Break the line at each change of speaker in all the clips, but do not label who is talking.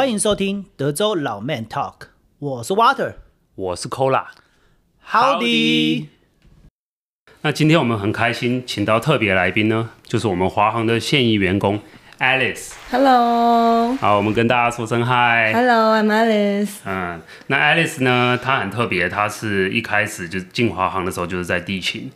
歡迎收聽德州老 man talk，我是 Water，
我是 Cola，Howdy。那今天我們很開心，請到特別來賓呢，就是我們華航的現役員工 Alice。
Hello。
好，我們跟大家說聲 Hi。
Hello，I'm Alice。
嗯，那 Alice 呢，她很特別，她是一開始就進華航的時候就是在地勤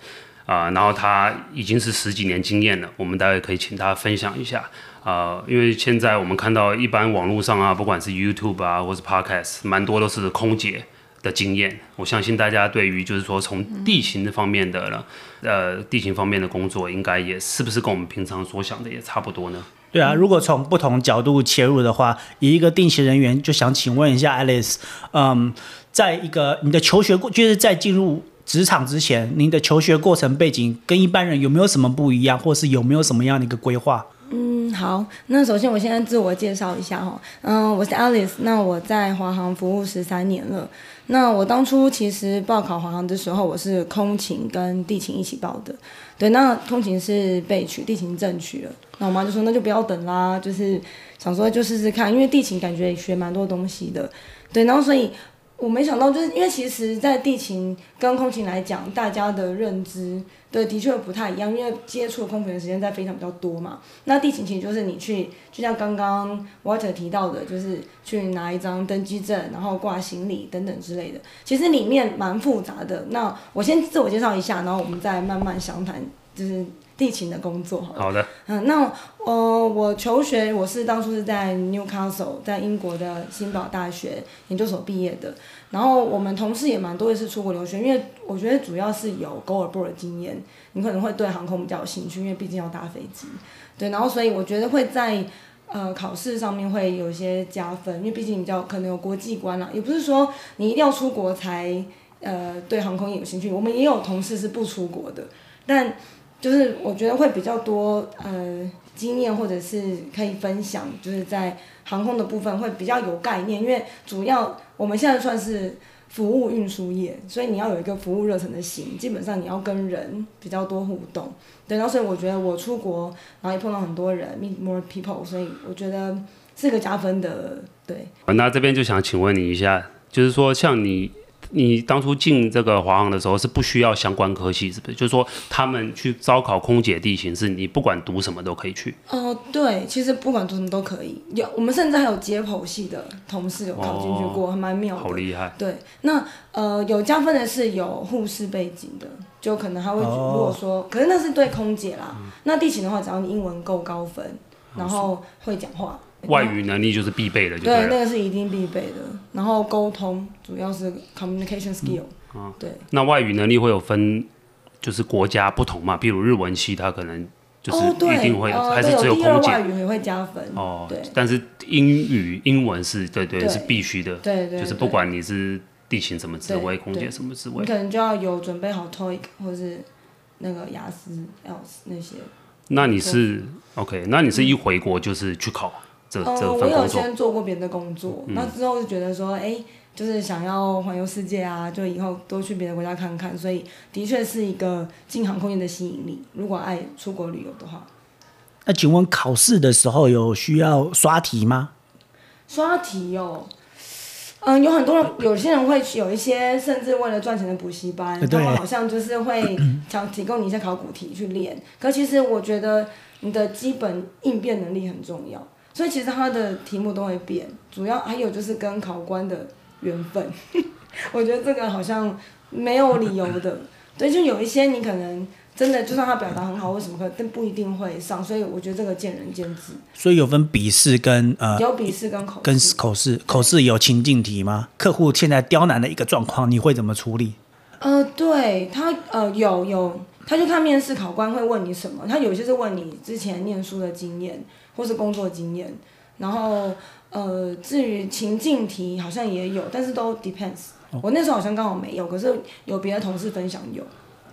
啊，嗯，然後她已經是十幾年經驗了，我們待會可以請她分享一下。啊、呃，因為現在我們看到一般網絡上啊，不管是 YouTube 啊，或是 Podcast，蠻多都是空姐的經驗。我相信大家對於就是說從地勤的方面的了，嗯、呃，地勤方面的工作，應該也是不是跟我們平常所想的也差不多呢？
對啊，如果從不同角度切入的話，以一個地勤人員，就想請問一下 Alice，嗯，在一個你的求學過，就是在進入職場之前，你的求學過程背景跟一般人有沒有什麼不一樣，或是有沒有什麼樣的一個規劃？
嗯，好。那首先，我現在自我介紹一下哦，嗯，我是 Alice。那我在華航服務十三年了。那我當初其實報考華航的時候，我是空勤跟地勤一起報的。對，那空勤是備取，地勤正取了。那我媽就說，那就不要等啦，就是想說就試試看，因為地勤感覺也學蠻多東西的。對，然後所以。我沒想到，就是因為其實，在地勤跟空勤來講，大家的認知對的確不太一樣，因為接觸空勤的時間在非常比較多嘛。那地勤其實就是你去，就像剛剛 Water 提到的，就是去拿一張登機證，然後掛行李等等之類的，其實裡面蠻複雜的。那我先自我介紹一下，然後我們再慢慢詳談，就是。地勤的工作好，好的，嗯，那呃，我求學，我是當初是在 Newcastle，在英國的新堡大學研究所畢業的。然後我們同事也蠻多也是出國留學，因為我覺得主要是有 go abroad 的經驗，你可能會對航空比較有興趣，因為畢竟要搭飛機，對。然後所以我覺得會在呃考試上面會有一些加分，因為畢竟比較可能有國際觀啦，也不是說你一定要出國才呃對航空有興趣，我們也有同事是不出國的，但。就是我覺得會比較多呃經驗，或者是可以分享，就是在航空的部分會比較有概念，因為主要我們現在算是服務運輸業，所以你要有一個服務熱忱的心，基本上你要跟人比較多互動，對。然後所以我覺得我出國，然後也碰到很多人，meet more people，所以我覺得是個加分的，對。
那這邊就想請問你一下，就是說像你。你當初進這個華航的時候是不需要相關科系，是不是？就是說他們去招考空姐、地勤？是你不管讀什麼都可以去。
哦、呃，對，其實不管讀什麼都可以。有，我們甚至還有解剖系的同事有考進去過，哦、還蠻妙的好
厲害！對，
那呃有加分的是有護士背景的，就可能他會如果說，哦、可是那是對空姐啦。嗯、那地勤的話，只要你英文夠高分，嗯、然後會講話。
外語能力就是必備的，對，那個是
一定必備的。然後溝通主要是 communication skill，啊，對。
那外語能力會有分，就是國家不同嘛，比如日文系，它可能就是一定會，有，還是只有空姐？外
語，也會加分。哦，對。但是
英語，英文是對對是必須的，對對，就是不管你是地勤什麼職位，空姐什麼職位，你可
能就要有準備好 TOEIC 或是那個雅思、IELTS 那些。
那你是 OK？那你是一回國就是去考？哦、嗯，我有先
做過別的工作，嗯、那之後就覺得說，哎、欸，就是想要環遊世界啊，就以後多去別的國家看看，所以的確是一個進航空業的吸引力。如果愛出國旅遊的話，
那、啊、請問考試的時候有需要刷題嗎？
刷題哦。嗯，有很多人，有些人會有一些，甚至為了賺錢的補習班，對他們好像就是會想提供你一些考古題去練。可其實我覺得你的基本應變能力很重要。所以其實他的題目都會變，主要還有就是跟考官的緣分呵呵，我覺得這個好像沒有理由的。對，就有一些你可能真的就算他表達很好為什麼會，但不一定會上。所以我覺得這個見仁見智。
所以有分筆試跟呃，有
筆試
跟口試跟口試，口試有情境題嗎？客戶現在刁難的一個狀況，你會怎麼處理？
呃，對他呃有有，他就看面試考官會問你什麼，他有些是問你之前念書的經驗。或是工作經驗，然後呃，至於情境題好像也有，但是都 depends，哦。我那時候好像剛好沒有，可是有別的同事分享有。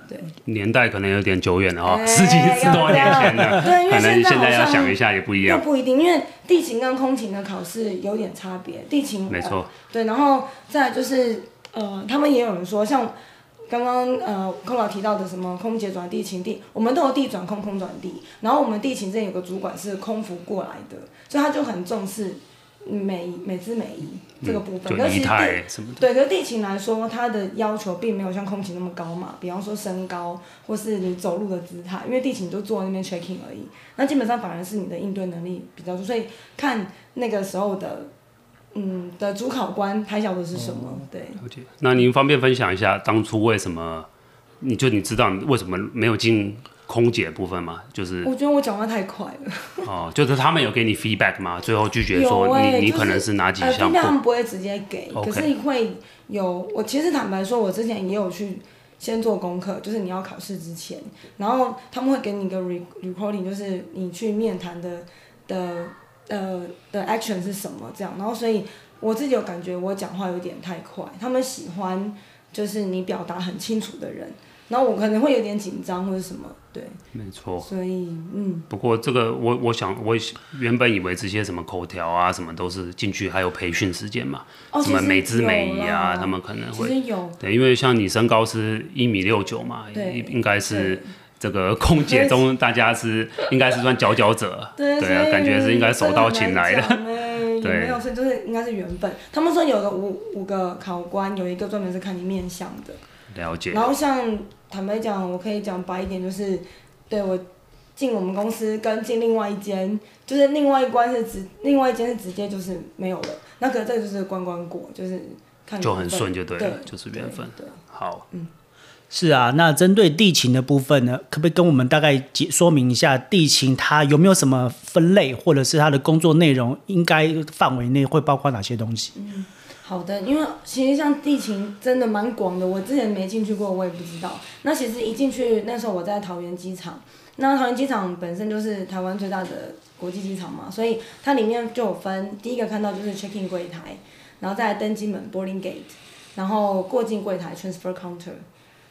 對，
年代可能有點久遠了哈、哦，欸、四十幾年前了。的對，因為現在，現在要想一下也不一樣。不
一定，因為地勤跟空勤的考試有點差別。地勤沒錯錯、呃，對，然後再來就是呃，他們也有人說像。剛剛呃，Cola 提到的什麼空姐轉地勤地，我們都有地轉空，空轉地。然後我們地勤這有個主管是空服過來的，所以他就很重視美姿美儀、嗯、這個部分。對，對地勤來說，他的要求並沒有像空勤那麼高嘛。比方說身高，或是你走路的姿態，因為地勤就坐在那邊 checking 而已。那基本上反而是你的應對能力比較多，所以看那個時候的。嗯的主考官，他曉得是什麼？嗯、對。
那您方便分享一下，當初為什麼你就你知道為什麼沒有進空姐的部分嗎？就是我
覺得我講話太快了。
哦，就是他們有給你 feedback 嗎？對最後拒絕說，你你可能是哪幾項、呃、他們不會直接給，可是你
會有。Okay. 我其實坦白說，我之前也有去先做功課，就是你要考試之前，然後他們會給你一個 recording，re 就是你去面談的的。呃的 action 是什麼？這樣，然後所以我自己有感覺，我講話有點太快。他們喜歡就是你表達很清楚的人，然後我可能會有點緊張或者什麼，對，
沒錯。所
以
嗯。不過這個我我想我原本以為這些什麼口條啊什麼都是進去還有培訓時間嘛，哦、什麼美姿美儀啊，哦、他們可能會其實有，對，因為像你身高是一米六九嘛，對，應該是。這個空姐中，大家是應該是算佼佼者， 對，對、啊，感覺是應該手到擒來的。的來
對，沒有，所以就是應該是緣分。他們說有個五五個考官，有一個專門是看你面相的，
了解。然後
像坦白講，我可以講白一點，就是對我進我們公司跟進另外一間，就是另外一關是直，另外一間是直接就是沒有了。那可能這就是關關過，就是看就很順就對了，對
就是緣分。對對對好，嗯。
是啊，那針對地勤的部分呢，可不可以跟我們大概解說明一下地勤它有沒有什麼分類，或者是它的工作內容應該範圍內會包括哪些東西？嗯，
好的，因為其實像地勤真的蠻廣的，我之前沒進去過，我也不知道。那其實一進去那時候我在桃園機場，那桃園機場本身就是台灣最大的國際機場嘛，所以它裡面就有分，第一個看到就是 check-in 櫃檯，然後再登機門 （boarding gate），然後過境櫃台 （transfer counter）。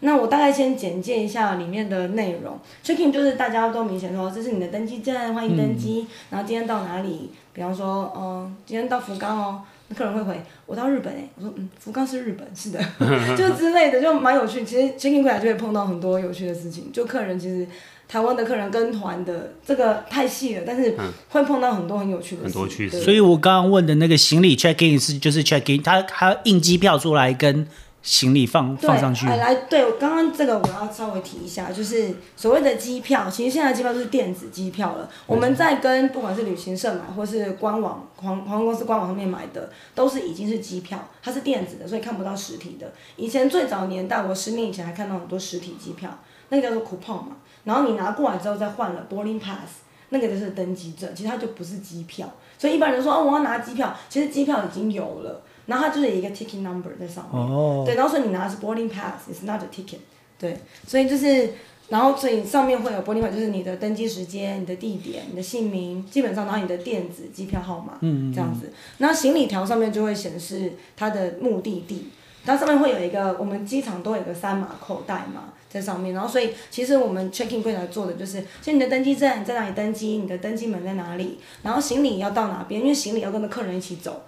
那我大概先簡介一下裡面的內容，check in 就是大家都明顯說，這是你的登機證，歡迎登機。嗯、然後今天到哪裡？比方說，嗯，今天到福岡哦，那客人會回，我到日本哎、欸，我說，嗯，福岡是日本，是的， 就之類的，就蠻有趣。其實 check in 過來就會碰到很多有趣的事情，就客人其實台灣的客人跟團的這個太細了，但是會碰到很多很有趣的事情，很多趣事。對所以
我剛剛問的那個行李 check in 是就是 check in，他他印機票出來跟。行李放對放上去。哎、來，
對，我剛剛這個我要稍微提一下，就是所謂的機票，其實現在的機票都是電子機票了。我們在跟不管是旅行社買，或是官網、航航空公司官網上面買的，都是已經是機票，它是電子的，所以看不到實體的。以前最早年代，大概十年以前還看到很多實體機票，那個叫做 coupon 嘛。然後你拿過來之後再換了 boarding pass，那個就是登機證，其實它就不是機票。所以一般人說哦，我要拿機票，其實機票已經有了。然後它就是一個 ticket number 在上面，oh. 對，然後所以你拿的是 boarding pass，it's not a ticket，對，所以就是，然後所以上面會有 boarding pass，就是你的登機時間、你的地點、你的姓名，基本上然後你的電子機票號碼，嗯嗯，這樣子。那行李條上面就會顯示它的目的地，它上面會有一個，我們機場都有個三碼口袋嘛，在上面，然後所以其實我們 checking 櫃台做的就是，所以你的登機證在哪裡登機，你的登機門在哪裡，然後行李要到哪邊，因為行李要跟着客人一起走。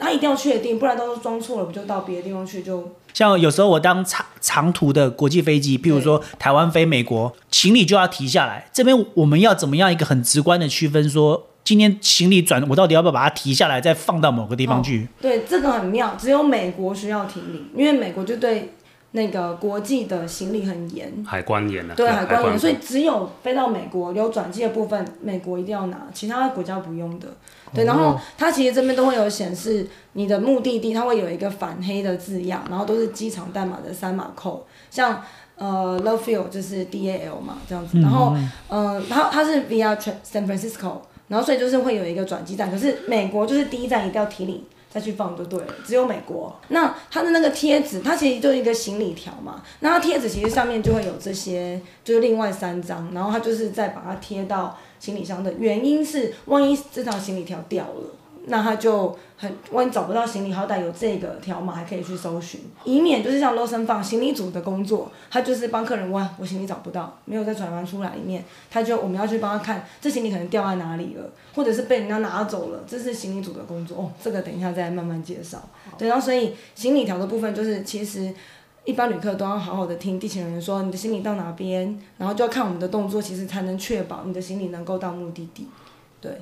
那一定要確定，不然到時候裝錯了，不就到別的地方去？就
像有時候我當長長途的國際飛機，譬如說台灣飛美國，對行李就要提下來。這邊我們要怎麼樣一個很直觀的區分說，說今天行李轉我到底要不要把它提下來，再放到某個地方去？
哦、對，這個很妙，只有美國需要提行李，因為美國就對。那個國際的行李很嚴，
海關嚴啊。對，海關嚴，關所以
只有飛到美國有轉機的部分，美國一定要拿，其他國家不用的。哦、對，然後它其實這邊都會有顯示你的目的地，它會有一個反黑的字樣，然後都是機場代碼的三碼扣，像呃 Love Field 就是 DAL 嘛這樣子，然後、嗯、呃，然後它是 via、Tra、San Francisco，然後所以就是會有一個轉機站，可是美國就是第一站一定要提領。再去放就對了。只有美國，那他的那個貼紙，它其實就是一個行李條嘛。那他貼紙其實上面就會有這些，就是另外三張，然後他就是再把它貼到行李箱的，原因是，萬一這張行李條掉了。那他就很萬一找不到行李，好歹有這個條碼還可以去搜尋，以免就是像 Lost and Found 行李組的工作，他就是幫客人問，我行李找不到，沒有在轉彎出來裡面，他就我們要去幫他看，這行李可能掉在哪裡了，或者是被人家拿走了，這是行李組的工作哦，這個等一下再慢慢介紹。的對，然後所以行李條的部分就是其實一般旅客都要好好的聽地勤人員說你的行李到哪邊，然後就要看我們的動作，其實才能確保你的行李能夠到目的地，對。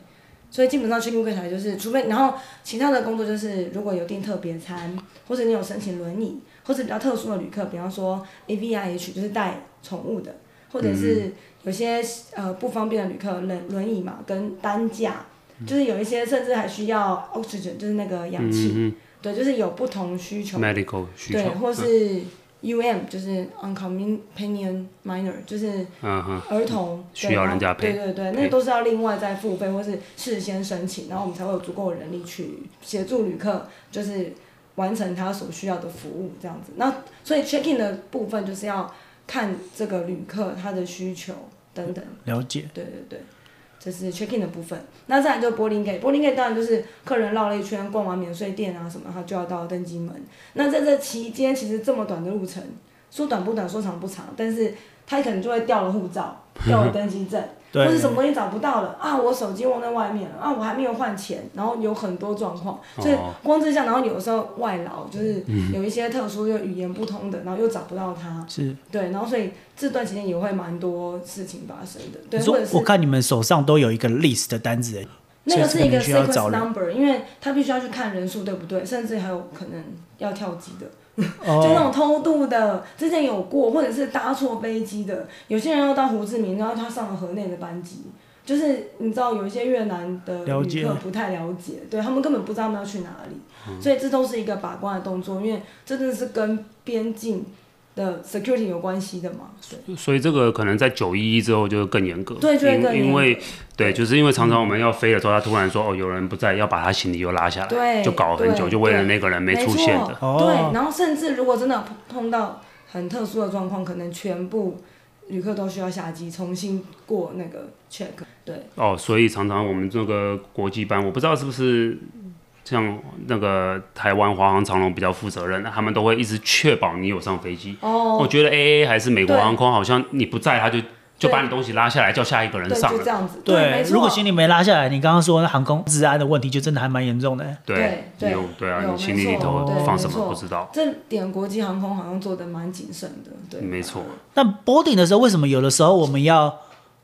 所以基本上去訂櫃檯就是，除非然後其他的工作就是，如果有訂特別餐，或者你有申請輪椅，或者比較特殊的旅客，比方說 A V I H 就是帶寵物的，或者是有些呃不方便的旅客，輪輪椅嘛跟擔架，嗯、就是有一些甚至還需要 oxygen 就是那個氧氣，嗯嗯嗯對，就是有不同需求，Medical 需求對，或是。嗯 U M 就是 unaccompanied minor，就是兒童，uh、huh, 對需要人家陪對對對，陪那都是要另外再付費，或是事先申請，然後我們才會有足夠的人力去協助旅客，就是完成他所需要的服務這樣子。那所以 check in 的部分就是要看這個旅客他的需求等等，
了解。對對對。
就是 check in 的部分，那再來就是 boarding gate，boarding gate 當然就是客人繞了一圈，逛完免稅店啊什麼，他就要到登機門。那在這期間，其實這麼短的路程，說短不短，說長不長，但是他可能就會掉了護照，掉了登機證。嗯對或者什麼東西找不到了對啊！我手機忘在外面了啊！我還沒有換錢，然後有很多狀況，哦、所以光這下，然後有時候外勞就是有一些特殊又語言不通的，嗯、哼然後又找不到他，是對，然後所以這段時間也會蠻多事情發生的。對，說或者我
看你們手上都有一個 list 的單子，那個是一個 sequence
number，因為他必須要去看人數對不對？甚至還有可能要跳機的。 就那種偷渡的，之前有過，或者是搭錯飛機的。有些人要到胡志明，然後他上了河內的班機，就是你知道有一些越南的旅客不太了解，對他們根本不知道他們要去哪裡，所以這都是一個把關的動作，因為真的是跟邊境。的 security 有關係的嘛？
所以，這個可能在九一一之後就更嚴格。對，就更嚴格因，因為對，對就是因為常常我們要飛的時候，他突然說哦，有人不在，要把他行李又拉下來，對就搞很久，對就為了那個人沒出現的對。對，
然後甚至如果真的碰到很特殊的狀況，可能全部旅客都需要下機重新過那個 check 對。對
哦，所以常常我們這個國際班，我不知道是不是。像那個台灣華航、長榮比較負責任，他們都會一直確保你有上飛機。哦，oh, 我覺得 AA 還是美國航空，好像你不在，他就就把你東西拉下來，叫下一個人
上
了。就這樣子。對，對如果行
李沒拉下來，你剛剛說那航空治安的問題，就真的還蠻嚴重的。對，對
對有，
對啊，有你行李裡頭放什麼不知道。
這點國際航空好像做得蠻謹慎的。對，
沒錯。
那 boarding 的時候，為什麼有的時候我們要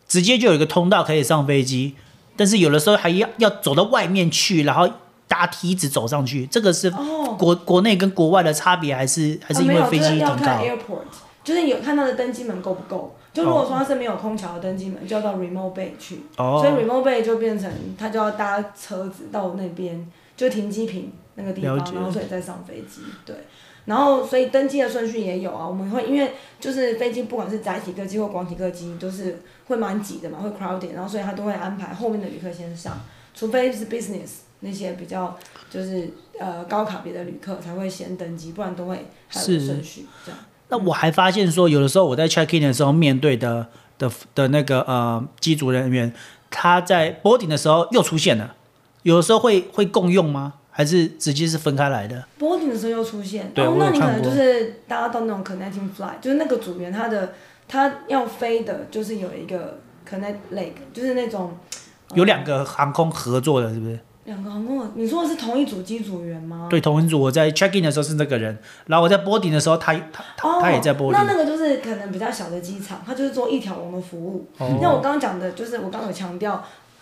直接就有一個通道可以上飛機，但是有的時候還要要走到外面去，然後？搭梯子走上去，這個是國、哦、國內跟國外的差別，還是還是因為飛機、哦就是、要看
airport 就是有看它的登機門夠不夠？就如果說它是沒有空橋的登機門，就要到 remote bay 去，哦、所以 remote bay 就變成他就要搭車子到那邊，就停機坪那個地方，解然後所以再上飛機。對，然後所以登機的順序也有啊。我們會因為就是飛機不管是窄體客機或廣體客機，都、就是會蠻擠的嘛，會 crowded，然後所以他都會安排後面的旅客先上，除非是 business。那些比較就是呃高卡別的旅客才會先登機，不然都會還有順序是這
樣。那我還發現說，有的時候我在 check in 的時候面對的的的那個呃機組人員，他在 boarding 的時候又出現了。有的時候會會共用嗎？還是直接是分開來的
？boarding 的時候又出現，對，oh, 我看過，那你可能就是搭到那種 connecting flight，就是那個組員他的他要飛的，就是有一個 connecting leg，就是那種
有兩個航空合作的，是不是？
兩個航空航，你說的是同一組機組員嗎？對，
同一組。我在 check in 的時候是那個人，然後我在 boarding 的時候他他他、哦、他也在 boarding。那那個
就是可能比較小的機場，他就是做一條龍的服務。像、哦、我剛剛講的，就是我剛剛有強調，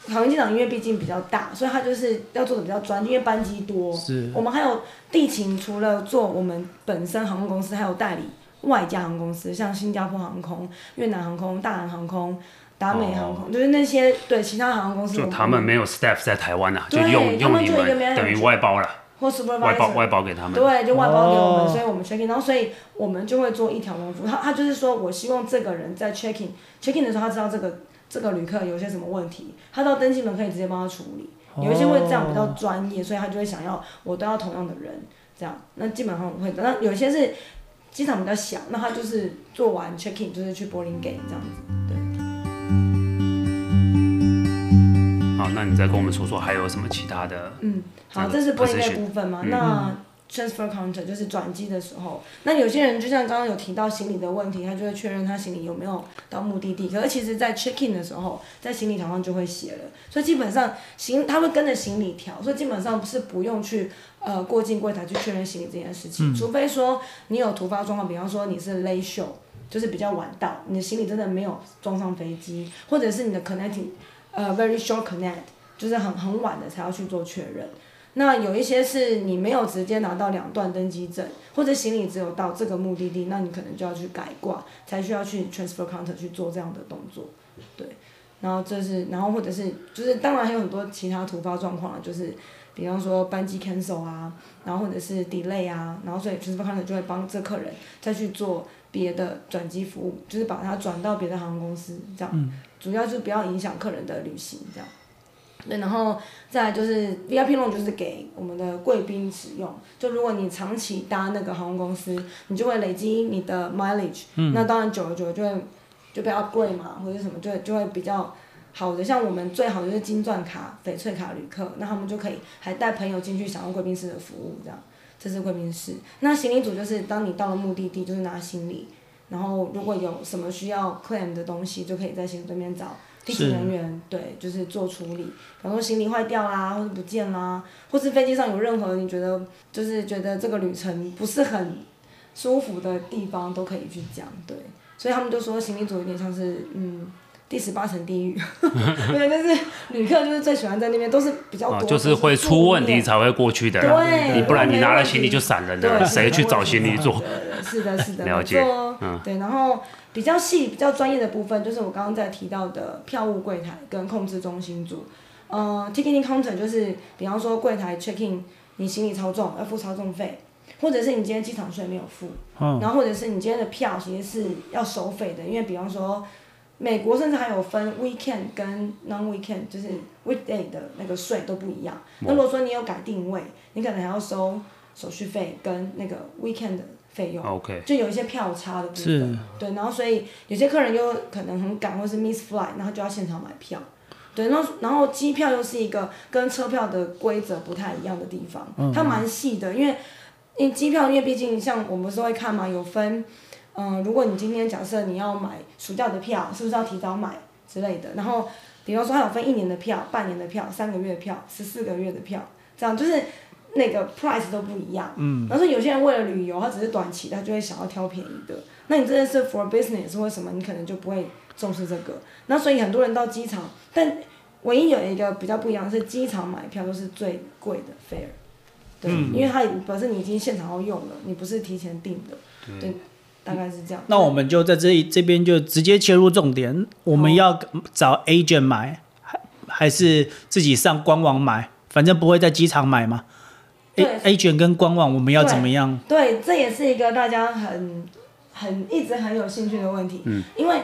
航空機場因為畢竟比較大，所以他就是要做的比較專，因為班機多。是。我們還有地勤，除了做我們本身航空公司，還有代理外加航空公司，像新加坡航空、越南航空、大韓航空。達美航空，oh. 就是那些對其他航空公司，就他們
沒有 staff 在台灣啊，對就用用你們，等於外包了，
或 super visor, 外包外包
給他們，對，就外包給我們，oh. 所以我
們 checking，然後所以我們就會做一條龍服務。他他就是說我希望這個人在 checking checking 的時候，他知道這個這個旅客有些什麼問題，他到登機門可以直接幫他處理。有一些會這樣比較專業，所以他就會想要我都要同樣的人，這樣。那基本上我們會，那有些是機場比較小，那他就是做完 checking 就是去 boarding gate 這樣子，對。
那你再跟我們說說還有什麼其他的？
嗯，好，這，這是 boarding gate 部分嘛？嗯、那 transfer counter、嗯、就是轉機的時候，那有些人就像剛剛有提到行李的問題，他就會確認他行李有沒有到目的地。可是其實，在 check in 的時候，在行李條上就會寫了，所以基本上行他會跟着行李條，所以基本上不是不用去呃過境櫃台去確認行李這件事情，嗯、除非說你有突發狀況，比方說你是 late show，就是比較晚到，你的行李真的沒有裝上飛機，或者是你的 connecting。呃、uh,，very short connect，就是很很晚的才要去做確認。那有一些是你沒有直接拿到兩段登機證，或者行李只有到這個目的地，那你可能就要去改掛，才需要去 transfer counter 去做這樣的動作，對。然後這是，然後或者是，就是當然還有很多其他突發狀況，就是比方說班機 cancel 啊，然後或者是 delay 啊，然後所以 transfer counter 就會幫這客人再去做別的轉機服務，就是把它轉到別的航空公司這樣。主要是不要影響客人的旅行，這樣。對，然後再來就是 VIP room 就是給我們的貴賓使用，就如果你長期搭那個航空公司，你就會累積你的 mileage，、嗯、那當然久了久了就會就比較貴嘛，或者什麼，就會就會比較好的。像我們最好的就是金鑽卡、翡翠卡旅客，那他們就可以還帶朋友進去享用貴賓室的服務，這樣。這是貴賓室，那行李組就是當你到了目的地就是拿行李。然後，如果有什麼需要客 m 的東西，就可以在行李對面找地勤人員，是對，就是做處理。比如說行李壞掉啦，或者不見啦，或是飛機上有任何你覺得就是覺得這個旅程不是很舒服的地方，都可以去講，對。所以他們都說行李組有點像是嗯。第十八層地獄，對，但是旅客就是最喜歡在那邊，都是比較多，就是會出
問題才會過去的，對，你不然你拿了行李就散人了，誰去找行李做？
是的，是的，了解，對，然後比較細、比較專業的部分，就是我剛剛在提到的票務櫃台跟控制中心組，呃，ticketing c o n t e n t counter 就是，比方說櫃台 checking，你行李超重要付超重費，或者是你今天機場稅沒有付，然後或者是你今天的票其實是要收費的，因為比方說。美國甚至還有分 weekend 跟 non weekend，就是 weekday 的那個稅都不一樣。Oh. 那如果說你有改定位，你可能還要收手續費跟那個 weekend 的費用。OK，就有一些票差的部分。是對，然後所以有些客人又可能很趕或是 miss flight，然後就要現場買票。對，然後機票又是一個跟車票的規則不太一樣的地方，嗯、它蠻細的，因為因為機票因為畢竟像我們是會看嘛，有分。嗯，如果你今天假設你要買暑假的票，是不是要提早買之類的？然後，比如說他有分一年的票、半年的票、三個月的票、十四個月的票，這樣就是那個 price 都不一樣。嗯。然後說有些人為了旅遊，他只是短期，他就會想要挑便宜的。那你真的是 for business 是為什麼？你可能就不會重視這個。那所以很多人到機場，但唯一有一個比較不一樣的是機場買票都是最貴的 fare，對，嗯、因為他表示你已經現場要用了，你不是提前訂的。嗯、對。大概是這
樣，那我們就在這、嗯、這邊就直接切入重點，好我們要找 agent 買，還還是自己上官網買？反正不會在機場買嘛對？a, agent 跟官網我們要怎麼樣？
對，對，這也是一個大家很很一直很有興趣的問題。嗯，因為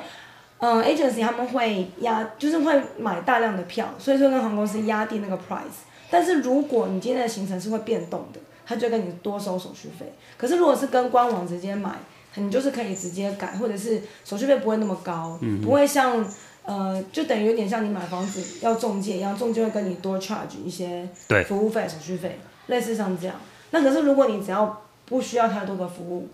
嗯、呃、agency 他們會壓，就是會買大量的票，所以說跟航空公司壓低那個 price。但是如果你今天的行程是會變動的，他就跟你多收手續費。可是如果是跟官網直接買，你就是可以直接改，或者是手續費不會那麼高，嗯、哼不會像，呃，就等於有點像你買房子要中介一樣，中介會跟你多 charge 一些服務費、對手續費，類似像這樣。那可是如果你只要不需要太多的服務，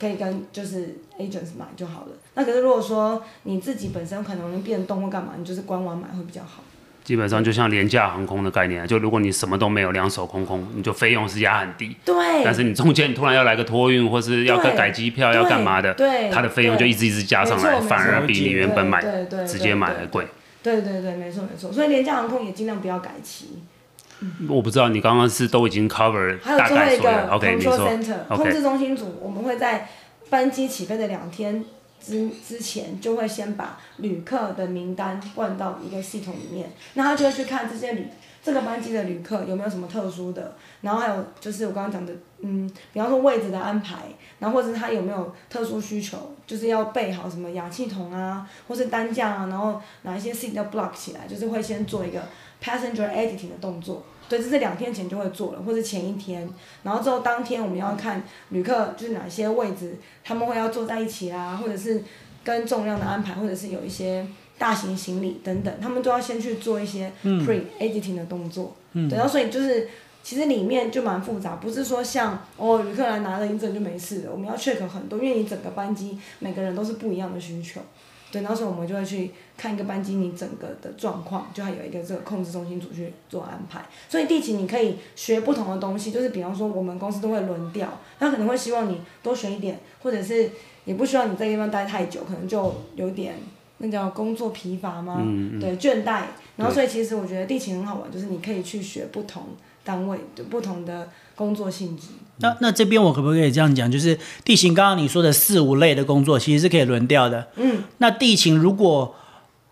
可以跟就是 agents 買就好了。那可是如果說你自己本身可能變動或幹嘛，你就是官網買會比較好。
基本上就像廉價航空的概念，就如果你什麼都沒有，兩手空空，你就費用是壓很低。對。但是你中間你突然要來個托運，或是要改機票，對要幹嘛的，對，它的費用就一直一直加上來，反而比你原本買直接買還貴。對
對對，對對對沒錯沒錯，所以廉價航空也儘量不要改期。
嗯、我不知道你剛剛是都已經 cover，大概所有，還有最後一個 control center，OK 沒錯。控制
中心組，我們會在班機起飛的兩天。之之前就會先把旅客的名單灌到一個系統裡面，那他就會去看這些旅這個班機的旅客有沒有什麼特殊的，然後還有就是我剛剛講的，嗯，比方說位置的安排，然後或者是他有沒有特殊需求，就是要備好什麼氧氣筒啊，或是擔架啊，然後哪一些 seat 要 block 起來，就是會先做一個 passenger editing 的動作。對，這是兩天前就會做了，或是前一天，然後之後當天我們要看旅客就是哪些位置他們會要坐在一起啦，啊，或者是跟重量的安排，或者是有一些大型行李等等，他們都要先去做一些 pre-editing 的動作。嗯。對，啊，然後所以就是其實裡面就蠻複雜，不是說像哦旅客來拿着一證就沒事了，我們要 check 很多，因為你整個班機每個人都是不一樣的需求。對，那時候我們就會去看一個班機你整個的狀況，就還有一個這個控制中心組去做安排。所以地勤你可以學不同的東西，就是比方說我們公司都會輪調，他可能會希望你多學一點，或者是也不希望你在一個地方待太久，可能就有點那叫工作疲乏嗎？嗯嗯、對，倦怠。對然後所以其實我覺得地勤很好玩，就是你可以去學不同單位、就不同的。工作性
質，嗯、那那這邊我可不可以這樣講，就是地勤剛剛你說的四五類的工作其實是可以輪調的。嗯，那地勤如果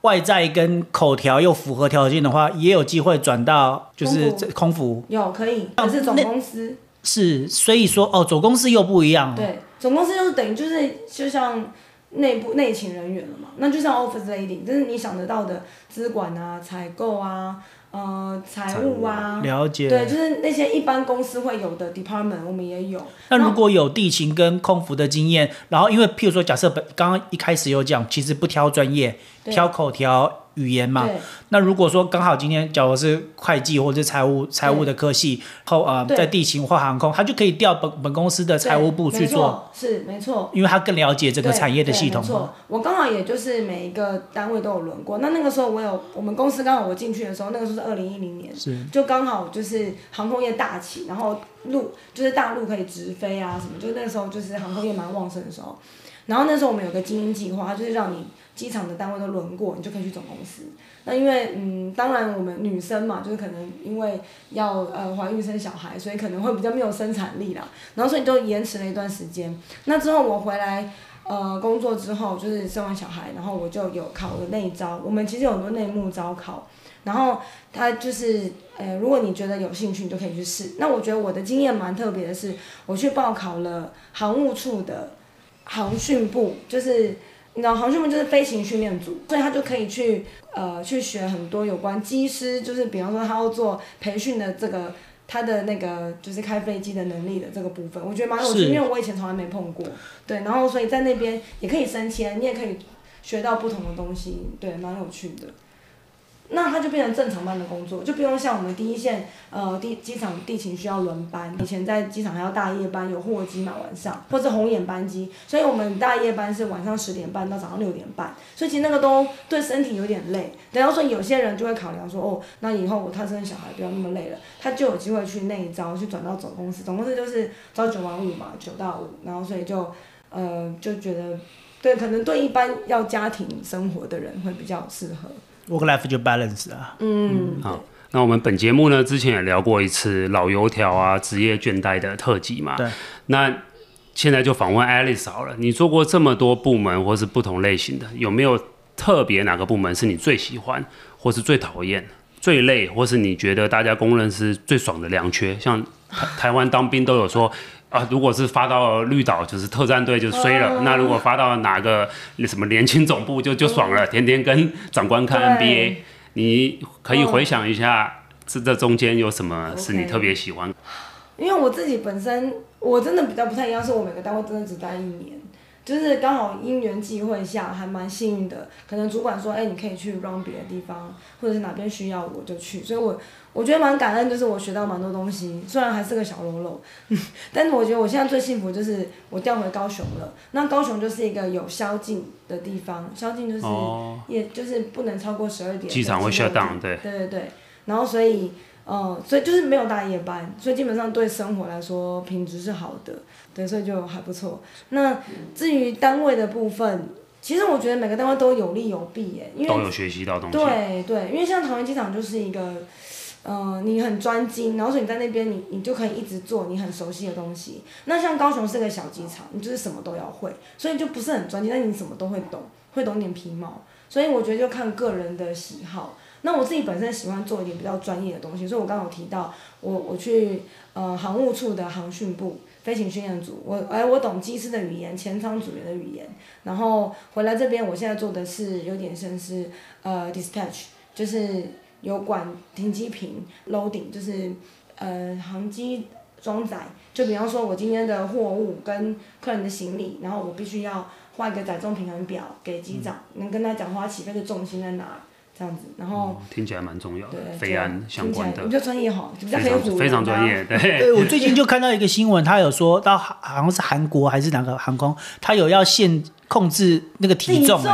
外在跟口條又符合條件的話，也有機會轉到就是空服，空服
有可以，那可是總公司，
是，所以說哦，總公司又不一樣了，對，
總公司又等就是等於就是就像內部內勤人員了嘛，那就像 office lady，就是你想得到的資管啊、採購啊。呃，財務啊，了解，對，就是那些一般公司會有的 department，我們也有。
那如果有地勤跟空服的經驗，啊、然後因為譬如說，假設本剛剛一開始有講，其實不挑專業，
對挑口
條。語言嘛，對那如果說剛好今天，假如是會計或者是財務財務的科系，對後啊、呃、對在地形勤或航空，他就可以調本本公司的財務部去做，
是沒錯，沒錯
因為他更了解這個產業的系統。沒錯，
我剛好也就是每一個單位都有輪過，那那個時候我有我們公司剛好我進去的時候，那個時候是二零一零年，是就剛好就是航空業大起，然後路就是大陸可以直飛啊什麼，就那時候就是航空業蠻旺盛的時候，然後那時候我們有個精英計劃，就是讓你。機場的單位都輪過，你就可以去總公司。那因為嗯，當然我們女生嘛，就是可能因為要呃懷孕生小孩，所以可能會比較沒有生產力啦。然後所以都延遲了一段時間。那之後我回來呃工作之後，就是生完小孩，然後我就有考了內招。我們其實有很多內幕招考，然後他就是呃，如果你覺得有興趣，你就可以去試。那我覺得我的經驗蠻特別的是，我去報考了航務處的航訓部，就是。然後航訓們就是飛行訓練組，所以他就可以去呃去學很多有關機師，就是比方說他要做培訓的這個他的那個就是開飛機的能力的這個部分，我覺得蠻有趣，是因為我以前從來沒碰過。對，然後所以在那邊也可以升遷，你也可以學到不同的東西，對，蠻有趣的。那他就變成正常班的工作，就不用像我們第一線，呃，地機場地勤需要輪班，以前在機場還要大夜班，有貨機嘛晚上，或者紅眼班機，所以我們大夜班是晚上十點半到早上六點半，所以其實那個都對身體有點累。等到說有些人就會考量說，哦，那以後我他生小孩不要那麼累了，他就有機會去那一招去轉到總公司，總公司就是朝九晚五嘛，九到五，然後所以就，呃，就覺得，對，可能對一般要家庭生活的人會比較適合。
work life 就 balance 啊，嗯，好，
那我們本節目呢，之前也聊過一次老油條啊，職業倦怠的特輯嘛，對，那現在就訪問 Alice 好了，你做過這麼多部門或是不同類型的，有沒有特別哪個部門是你最喜歡，或是最討厭、最累，或是你覺得大家公認是最爽的涼缺？像台灣當兵都有說。 啊，如果是發到綠島，就是特戰隊，就衰了；嗯、那如果發到哪個什麼聯勤總部就，就就爽了，嗯、天天跟長官看 NBA 對。你可以回想一下，這、嗯、這中間有什麼是你特別喜歡、嗯嗯嗯
嗯嗯？因為我自己本身我真的比較不太一樣，是我每個單位真的只待一年，就是剛好因緣際會下還蠻幸運的。可能主管說，哎、欸，你可以去 run 別的地方，或者是哪邊需要我就去，所以我。我覺得蠻感恩，就是我學到蠻多東西，雖然還是個小嘍嘍，但是我覺得我現在最幸福就是我調回高雄了。那高雄就是一個有宵禁的地方，宵禁就是，也就是不能超過十二點機、哦。機場會下檔，對對對，對，然後所以，呃，所以就是沒有大夜班，所以基本上對生活來說品質是好的，對，所以就還不錯。那至於單位的部分，其實我覺得每個單位都有利有弊，耶，因為都有
學習到東西。
對對，因為像桃園機場就是一個。嗯、呃，你很專精，然後所以你在那邊，你你就可以一直做你很熟悉的東西。那像高雄是個小機場，你就是什麼都要會，所以就不是很專精，但你什麼都會懂，會懂點皮毛。所以我覺得就看個人的喜好。那我自己本身喜歡做一點比較專業的東西，所以我剛剛有提到，我我去呃航務處的航訓部飛行訓練組，我哎我懂機師的語言，前艙組員的語言，然後回來這邊，我現在做的是有點像是呃 dispatch，就是。油管停機坪，樓頂就是，呃，航機裝載，就比方說我今天的貨物跟客人的行李，然後我必須要畫一個載重平衡表給機長，嗯、能跟他講話，起飛的重心在哪。這樣子，然
後、哦、聽起來蠻重要的，飛對安相關的，比較專業哈，就非常非常專業。對，
對我最近就看到一個新聞，他有說到好像是韓國還是哪個航空，他有要限控制那個體重，那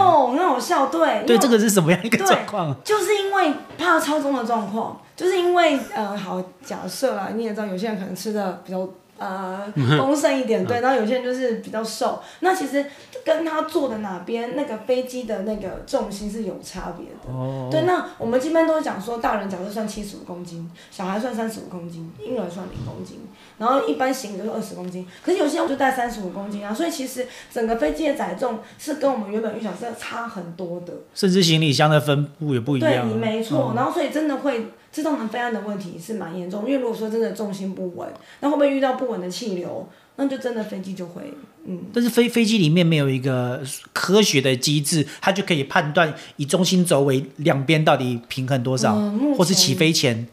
種笑，有對為對，這個
是什麼樣一個狀況？
就是因為怕超重的狀況，就是因為呃，好假設啦，你也知道，有些人可能吃的比較。呃，豐盛、嗯、哼一點對，然後有些人就是比較瘦，嗯、那其實跟他坐的哪邊那個飛機的那個重心是有差別的。哦。對，那我們一般都講說，大人假設算七十五公斤，小孩算三十五公斤，嬰兒算零公斤，然後一般行李就是二十公斤，可是有些人就帶三十五公斤啊，所以其實整個飛機的載重是跟我們原本預想是要差很多的。
甚至行李箱的分布也不一樣。對，你沒錯，哦、然後所
以真的會。自動能飛安的問題是蠻嚴重的，因為如果說真的重心不穩，那會不會遇到不穩的氣流，那就真的飛機就會，嗯。但是飛
飛機裡面沒有一個科學的機制，它就可以判斷以中心軸為兩邊到底平衡多少，嗯、或是起飛前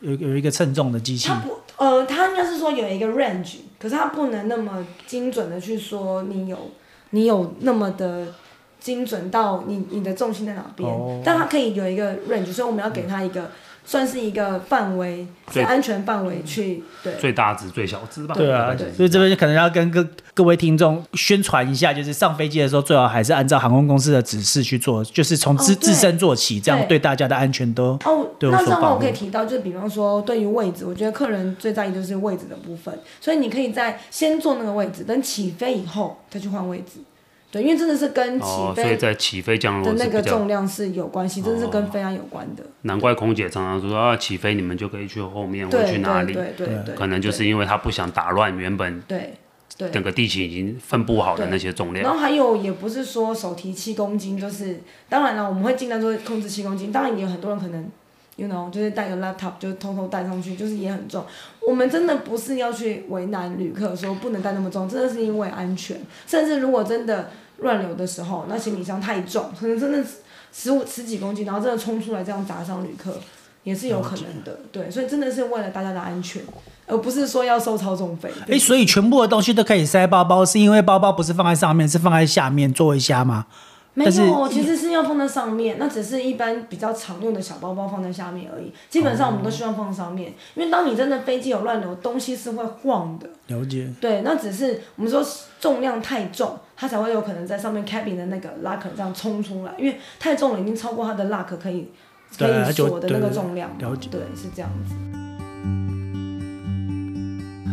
有有一個稱重的機器。它不，
呃，它應該是說有一個 range，可是它不能那麼精準的去說你有你有那麼的精準到你你的重心在哪邊，哦、但它可以有一個 range，所以我們要給它一個。嗯算是一個範圍，最安全範圍去，嗯、對，
最大值最小值吧。對啊，對對
對，所以這邊可能要跟各各位聽眾宣傳一下，就是上飛機的時候最好還是按照航空公司的指示去做，就是從自、哦、自身做起，這樣對大家的安全都對對，哦，那上面我可以提
到，就是比方說對於位置，我覺得客人最在意就是位置的部分，所以你可以在先坐那個位置，等起飛以後再去換位置。因為真的是跟起飛，在起飛降落的那個重量，是有關係，哦、真的是跟飛安有關的。
難怪空姐常常說對啊，起飛你們就可以去後面，或者去哪裡？對對對，對對，可能就是因為他不想打亂原本，
對整
個地形已經分布好的那些重量。然後還
有，也不是說手提七公斤，就是當然了、啊，我們會儘量說控制七公斤。當然也有很多人可能 you know 就是帶個 laptop 就偷偷帶上去，就是也很重。我們真的不是要去為難旅客說不能帶那麼重，真的是因為安全。甚至如果真的。亂流的時候，那行李箱太重，可能真的十五十幾公斤，然後真的衝出來這樣砸傷旅客，也是有可能的。了解。對，所以真的是為了大家的安全，而不是說要收超重費。
誒，所以全部的東西都可以塞包包，是因為包包不是放在上面，是放在下面做一下嗎？
沒錯，其實是要放在上面，你，那只是一般比較常用的小包包放在下面而已。基本上我們都希望放上面，哦，因為當你真的飛機有亂流，東西是會晃的了解。對，那只是我們說重量太重，他才會有可能在上面 cabin 的那個 locker，這樣衝出來，因為太重了，已經超過他的 locker 可以對可以鎖的那個重量，對，了解，對，是這樣子。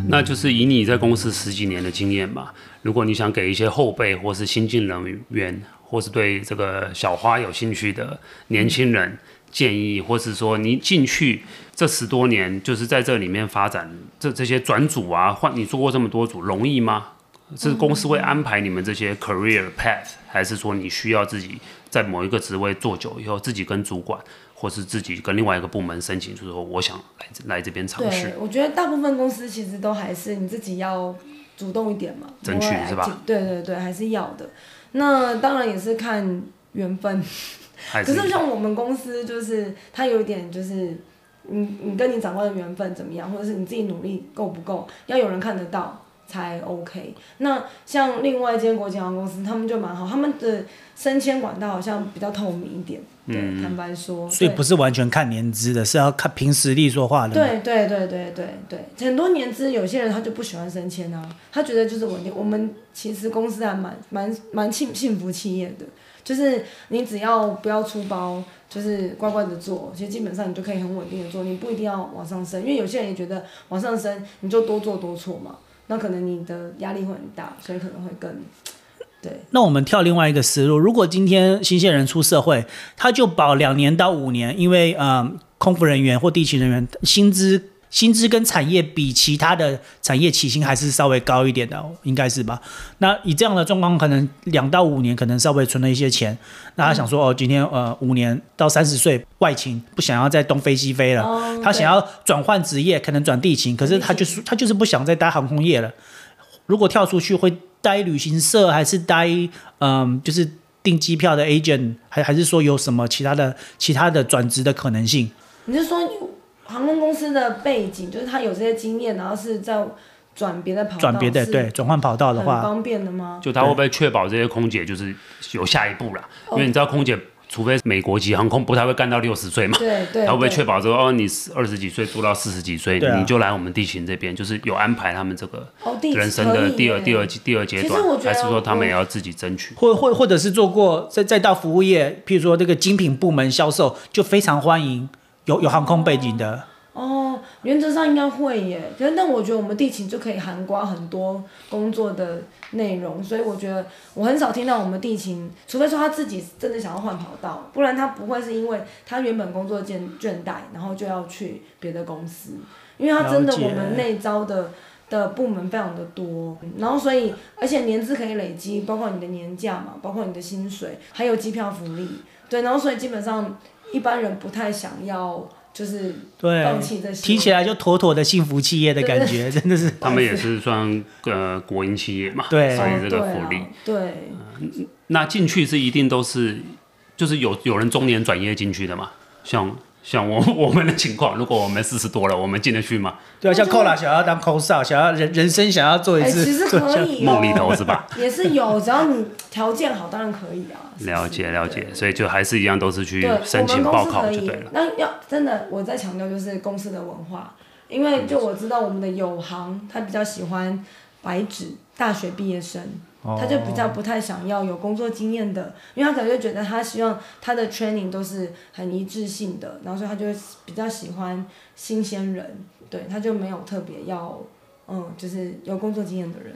那就是以你在公司十幾年的經驗嘛，如果你想給一些後輩或是新進人員，或是對這個小花有興趣的年輕人建議，或是說你進去這十多年，就是在這裡面發展，這這些轉組啊，換你做過這麼多組，容易嗎？是公司會安排你們這些 career path，還是說你需要自己在某一個職位做久以後，自己跟主管，或是自己跟另外一個部門申請出後，就是說我想來這來這邊嘗試。對，
我覺得大部分公司其實都還是你自己要主動一點嘛，爭取是吧？對對對，還是要的。那當然也是看緣分， 可是像我們公司就是它有一點就是你，你你跟你長官的緣分怎麼樣，或者是你自己努力夠不夠，要有人看得到。才 OK。那像另外一間國際航空公司，他們就蠻好，他們的升遷管道，好像比較透明一點。
對，嗯、坦
白說，對。所以不
是完全看年資的，是要看憑實力說話的。對
對對對對對，很多年資有些人他就不喜歡升遷啊，他覺得就是穩定。我們其實公司還蠻蠻蠻幸幸福企業的，就是你只要不要出包，就是乖乖的做，其實基本上你就可以很穩定的做，你不一定要往上升，因為有些人也覺得往上升你就多做多錯嘛。那可能你的壓力會很大，所以可
能會更對。那我們跳另外一個思路，如果今天新鮮人出社會，他就保兩年到五年，因為呃、嗯，空服人員或地勤人員薪資。薪資跟產業比其他的產業起薪還是稍微高一點的，應該是吧？那以這樣的狀況，可能兩到五年，可能稍微存了一些錢。
那他想說，嗯、
哦，今天呃，五年到三十歲外勤不想要再東飛西飛了，哦、他想要轉換職業，可能轉地勤，可是他就是他就是不想再待航空業了。如果跳出去會待旅行社，還是待嗯、呃，就是訂機票的 agent，還還是說有什麼其他的其他的轉職的可能性？你
就說你？航空公司的背景就是他有這些經驗，然後是在轉別的跑道，轉別的對，轉換跑道的話方便的嗎？對就他會
不會確保這些空姐就是有下一步了？對因為你知道空姐，除非美國籍航空，不太會幹到六十歲嘛。對對。他會不會確保說哦，你二十幾歲做到四十幾歲，幾歲啊、你就來我們地勤這邊，就是有安排他們這個人生的第二第二第二階段？還是說他們也要自己爭取？
或或或者是做過再再到服務業，譬如說這個精品部門銷售，就非常歡迎。有有航空背景的
哦，原則上應該會耶。但我覺得我們地勤就可以涵蓋很多工作的內容，所以我覺得我很少聽到我們地勤，除非說他自己真的想要換跑道，不然他不會是因為他原本工作倦倦怠，然後就要去別的公司，因為他真的我們內招的了解的部門非常的多，然後所以而且年資可以累積，包括你的年假嘛，包括你的薪水，還有機票福利，對，然後所以基本上。一般人不太想要，就是放棄這些對。提
起來就妥妥的幸福企業的感覺，對真的是。 他們也是
算呃國營企業嘛，對所以這個福利、啊。對、呃。那進去是一定都是，就是有有人中年轉業進去的嘛，像。像我我們的情況，如果我們四十多了，我們進得去嗎？對啊，像 Cola 想要當空少，想要人人生想要做一次，欸，其實可以，像有夢裡頭是吧？
也是有，只要你條件好，當然可以啊。
是是了解了解，所以就還是一樣，都是去申請報考就對了。
對那要真的，我再強調就是公司的文化，因為就我知道我們的友航，他比較喜歡白紙大學畢業生。Oh. 他就比較不太想要有工作經驗的，因為他可能就覺得他希望他的 training 都是很一致性的，然後所以他就比較喜歡新鮮人，對他就沒有特別要嗯，就是有工作經驗的人。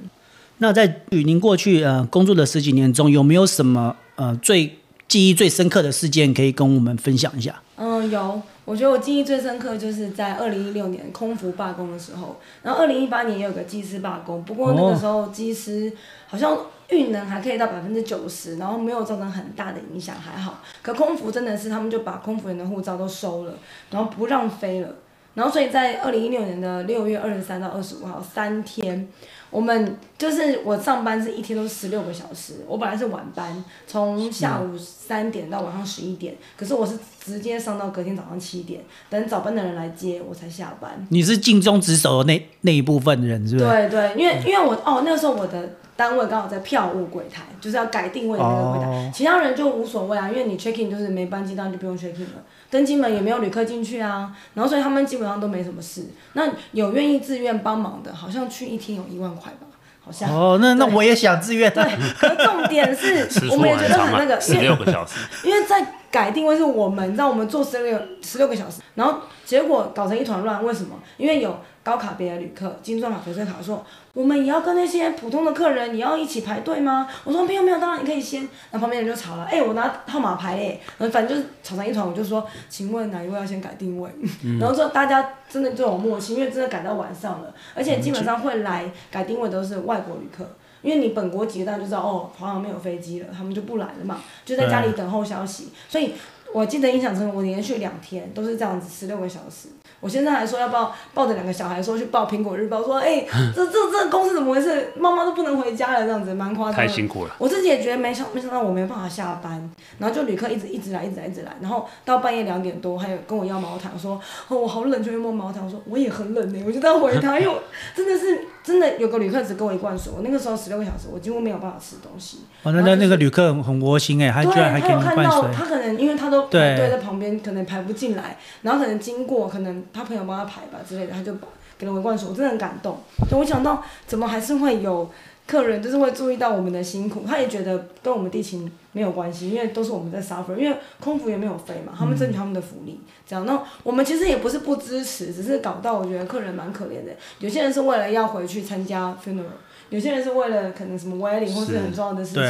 那在與您過去呃工作的十幾年中，有沒有什麼呃最？記憶最深刻的事件，可以跟我們分
享一下？嗯，有，我覺得我記憶最深刻就是在二零一六年空服罷工的時候，然後二零一八年也有個機師罷工，不過那個時候機師好像運能還可以到百分之九十，然後沒有造成很大的影響，還好。可空服真的是，他們就把空服人的護照都收了，然後不讓飛了，然後所以在二零一六年的六月二十三到二十五號三天。我們就是我上班是一天都是十六個小時，我本來是晚班，從下午三點到晚上十一點，可是我是直接上到隔天早上七點，等早班的人來接我才下班。
你是盡忠職守的那那一部分人是不是？
對對，因為因為我哦，那個時候我的。單位剛好在票務櫃檯，就是要改定位的那個櫃檯，哦、其他人就無所謂啊，因為你 check in 就是沒班機，當然就不用 check in 了，登機門也沒有旅客進去啊，然後所以他們基本上都沒什麼事。那有願意自願幫忙的，好像去一天有一萬塊吧，好
像。哦，那對那我也想自願、啊。對，
可重點是， 我們也覺得很那個，個因，因為在。改定位是我們，讓我們坐十六十六個小時，然後結果搞成一團亂，為什麼？因為有高卡別的旅客，晶鑽卡、翡翠卡說，我們也要跟那些普通的客人你要一起排隊嗎？我說沒有沒有，當然你可以先。那旁邊人就吵了，哎、欸，我拿號碼牌，哎，反正就是吵成一團。我就說，請問哪一位要先改定位？嗯、然後說大家真的就有默契，因為真的改到晚上了，而且基本上會來改定位都是外國旅客。因為你本國接到就知道哦，華航沒有飛機了，他們就不來了嘛，就在家裡等候消息。嗯、所以，我記得印象中我連續兩天都是這樣子，十六個小時。我現在還說要抱抱着兩個小孩說，說去抱蘋果日報，說哎，這這這公司怎麼回事？媽媽都不能回家了，這樣子蠻誇張。太辛苦了，我自己也覺得沒想沒想到我沒辦法下班，然後就旅客一直一直來，一直來，一直來，然後到半夜兩點多，還有跟我要毛毯，說哦我好冷，就要摸毛毯。我說我也很冷呢，我就這樣回他，因為我真的是。真的有個旅客只給我一罐水，我那個時候十六個小時，我幾乎沒有辦法吃東西。
反正、哦、那個就是、那個旅客很窩心哎、欸，他居然還給你一罐水，對，他有看到，他
可能因為他都排隊在旁邊，對可能排不進來，然後可能經過，可能他朋友幫他排吧之類的，他就給了我一罐水，我真的很感動。所以我想到，怎麼還是會有客人，就是會注意到我們的辛苦，他也覺得跟我們地勤。沒有關係，因為都是我們在 suffer，因為空服也沒有飛嘛，他們爭取他們的福利。嗯、這樣，那我們其實也不是不支持，只是搞到我覺得客人蠻可憐的。有些人是為了要回去參加 funeral，有些人是為了可能什麼 wedding 或是很重要的事情，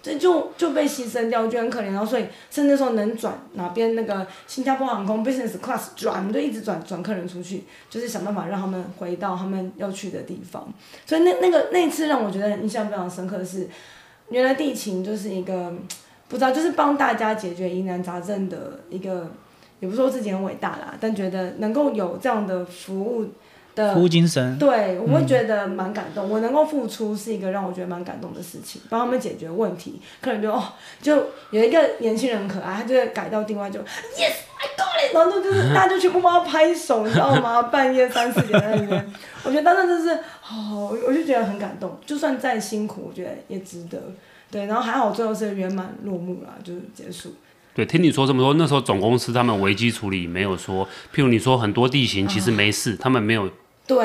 對、啊、就就被犧牲掉，就很可憐。然後所以甚至說能轉哪邊那個新加坡航空 business class 轉，就一直轉轉客人出去，就是想辦法讓他們回到他們要去的地方。所以那那個那一次讓我覺得印象非常深刻的是。原來地勤就是一個不知道，就是幫大家解決疑難雜症的一個，也不說自己很偉大啦，但覺得能夠有這樣的服務的服務精神，對我會覺得蠻感動。嗯、我能夠付出是一個讓我覺得蠻感動的事情，幫他們解決問題。可能就哦，就有一個年輕人很可愛，他就是改到另外就 Yes, my God，然後就、就是大家、啊、就全部幫他拍手，你知道嗎？ 半夜三四點在那邊，我覺得當時真、就是好、哦，我就覺得很感動。就算再辛苦，我覺得也值得。對，然後還好，最後是圓滿落幕了，就是結束。
對，聽你說這麼多，那時候總公司他們危機處理沒有說，譬如你說很多地勤其實沒事，啊、他們沒有。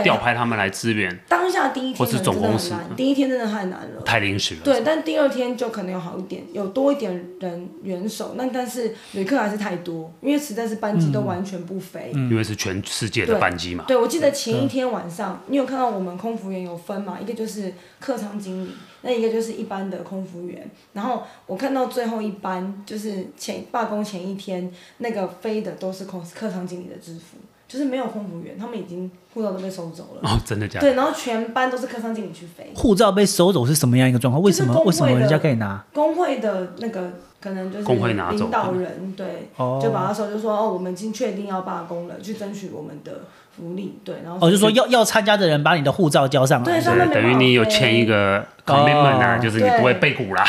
調派對他們來支援，
當下第一天真的很難，第一天真的太難了，
太臨時了。對，
麼但第二天就可能有好一點，有多一點人援手。那但，但是旅客還是太多，因為實在是班機都完全不飛。嗯，
因為是全世界的班機嘛。對，對，我記得前一
天晚上，你有看到我們空服員有分嘛？一個就是客艙經理，那一個就是一般的空服員。然後我看到最後一班，就是前罷工前一天那個飛的都是空客艙經理的制服。就是沒有空服員，他們已經護照都被收走了。哦，真的假的？對，然後全班都是客艙經理去飛。護
照被收走是什麼樣一個狀況？為什麼？為什麼人家可以拿？
工會的那個可能就是會拿。領導人對，就把他收，就說哦，我們已經確定要罷工了，去爭取我們的。福利，對，然後我就說要要
參加的人把你的護照交上來，對，等於你有簽一個 commitment 就是你不會背骨啦，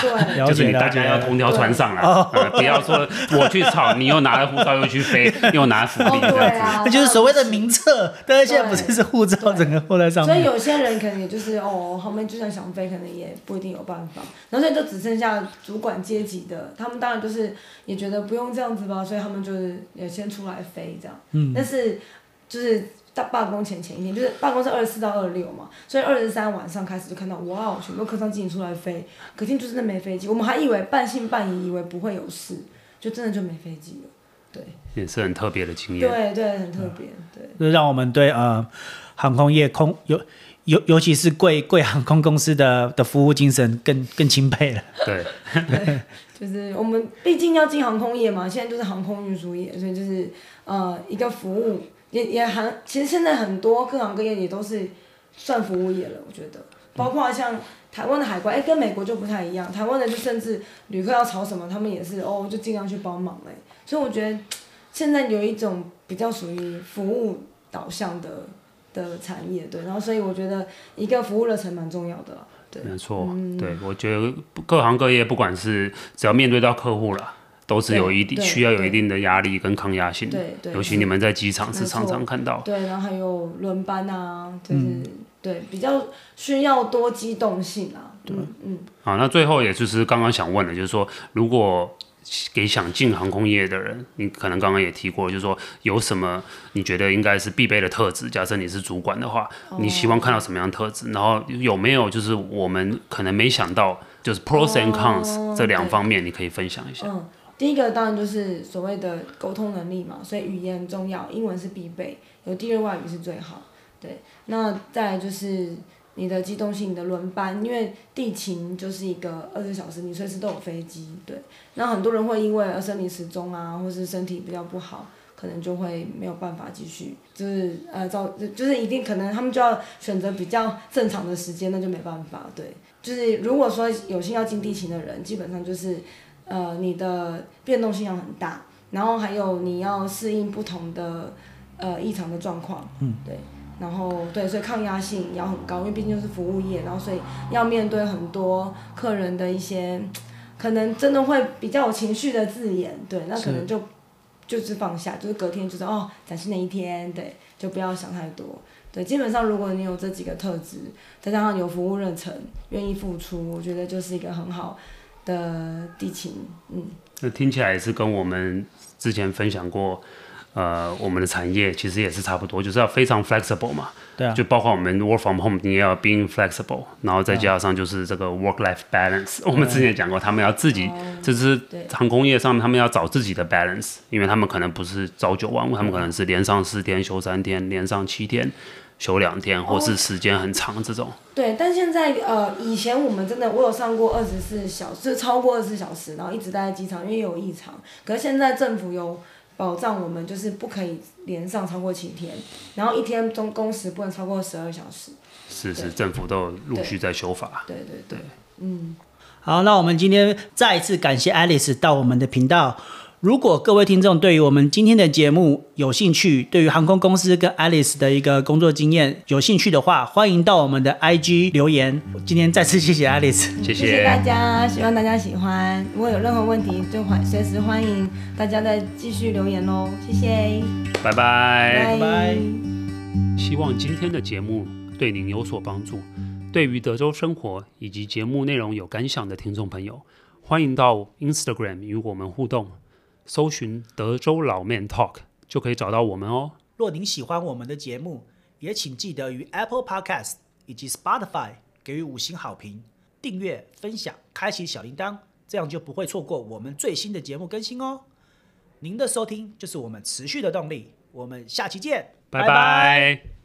就是你大家要同條船上啦，不要說我去炒，你又拿了護照又去飛，又拿福利
這樣子，就
是所謂的名冊，但是現在不是，是護照整個後在上面，所以有些
人可能也就是哦，後面就算想飛，可能也不一定有辦法，然後所以就只剩下主管階級的，他們當然就是也覺得不用這樣子吧，所以他們就是也先出來飛這樣，嗯，但是。就是大罷工前前一天，就是罷工是二十四到二十六嘛，所以二十三晚上開始就看到，哇、哦，全部客艙經理出來飛，可惜就真的沒飛機。我們還以為半信半疑，以為不會有事，就真的就沒飛機了。對，
也是很特別的
經驗。對對，很特別。
嗯、對，就讓我們對呃航空業空尤尤尤其是貴貴航空公司的的服務精神更更欽
佩了。對， 對，
就是我們畢竟要進航空業嘛，現在就是航空運輸業，所以就是呃一個服務。也也含，其實現在很多各行各業也都是算服務業了，我覺得，包括像台灣的海關，哎、欸，跟美國就不太一樣，台灣的就甚至旅客要吵什麼，他們也是哦，就盡量去幫忙哎、欸，所以我覺得現在有一種比較屬於服務導向的的產業，對，然後所以我覺得一個服務熱忱蠻重要的，對，沒錯，對，
我覺得各行各業不管是只要面對到客戶了。都是有一定需要有一定的壓力跟抗壓性的。對對對，尤其你們在機場是常常看到。
對，然後還有輪班啊，就是嗯、對比較需要多機動性啊。對，
對嗯。好，那最後也就是剛剛想問的，就是說如果給想進航空業的人，你可能剛剛也提過，就是說有什麼你覺得應該是必備的特質？假設你是主管的話，哦、你希望看到什麼樣的特質？然後有沒有就是我們可能沒想到，就是 pros and cons、哦、這兩方面，你可以分享一下。
嗯第一個當然就是所謂的溝通能力嘛，所以語言很重要，英文是必備，有第二外語是最好。對，那再來就是你的機動性，你的輪班，因為地勤就是一個二十小時，你隨時都有飛機。對，那很多人會因為生理時鐘啊，或是身體比較不好，可能就會沒有辦法繼續，就是呃，照就是一定可能他們就要選擇比較正常的時間，那就沒辦法。對，就是如果說有心要進地勤的人，基本上就是。呃，你的變動性要很大，然後還有你要適應不同的呃異常的狀況，嗯，對，然後對，所以抗壓性要很高，因為畢竟就是服務業，然後所以要面對很多客人的一些可能真的會比較有情緒的字眼，對，那可能就就是放下，就是隔天就是哦，只是那一天，對，就不要想太多，對，基本上如果你有這幾個特質，再加上你有服務熱忱，願意付出，我覺得就是一個很好的地勤，
嗯，那聽起來也是跟我們之前分享過，呃，我們的產業其實也是差不多，就是要非常 flexible 嘛，對啊，就包括我們 work from home，你也要 being flexible，然後再加上就是這個 work life balance，、嗯、我們之前講過，他們要自己，就對是航空業上他們要找自己的 balance，後因為他們可能不是朝九晚五，對他們可能是連上四天休三天，連上七天。休兩天，或是時間很長這種，哦。
對，但現在呃，以前我們真的，我有上過二十四小時，超過二十四小時，然後一直待在機場，因為有異常。可是現在政府有保障，我們就是不可以連上超過七天，然後一天中工時不能超過十二小時。是是，對
政府都陸續在修法對。
對
對
對，嗯。好，那我們今天再一次感謝 Alice 到我們的頻道。如果各位聽眾對於我們今天的節目有興趣，對於航空公司跟 Alice 的一個工作經驗有興趣的話，歡迎到我們的 IG 留言。今天再次謝謝 Alice，謝謝大家，希望大家喜歡。如果有
任何問題，就隨時歡迎大家再繼續留言哦。謝謝，
拜拜 bye，拜拜 bye。希望今天的節目對您有所幫助。對於德州生活以及節目內容有感想的聽眾朋友，歡迎到 Instagram 與我們互動。搜尋“德州老 man Talk” 就可以找到我們哦。
若您喜歡我們的節目，也請記得於 Apple Podcast 以及 Spotify 給予五星好評、訂閱、分享、開啟小鈴鐺，這樣就不會錯過我們最新的節目更新哦。您的收聽就是我們持續的動力。我們下期見，拜拜。拜拜。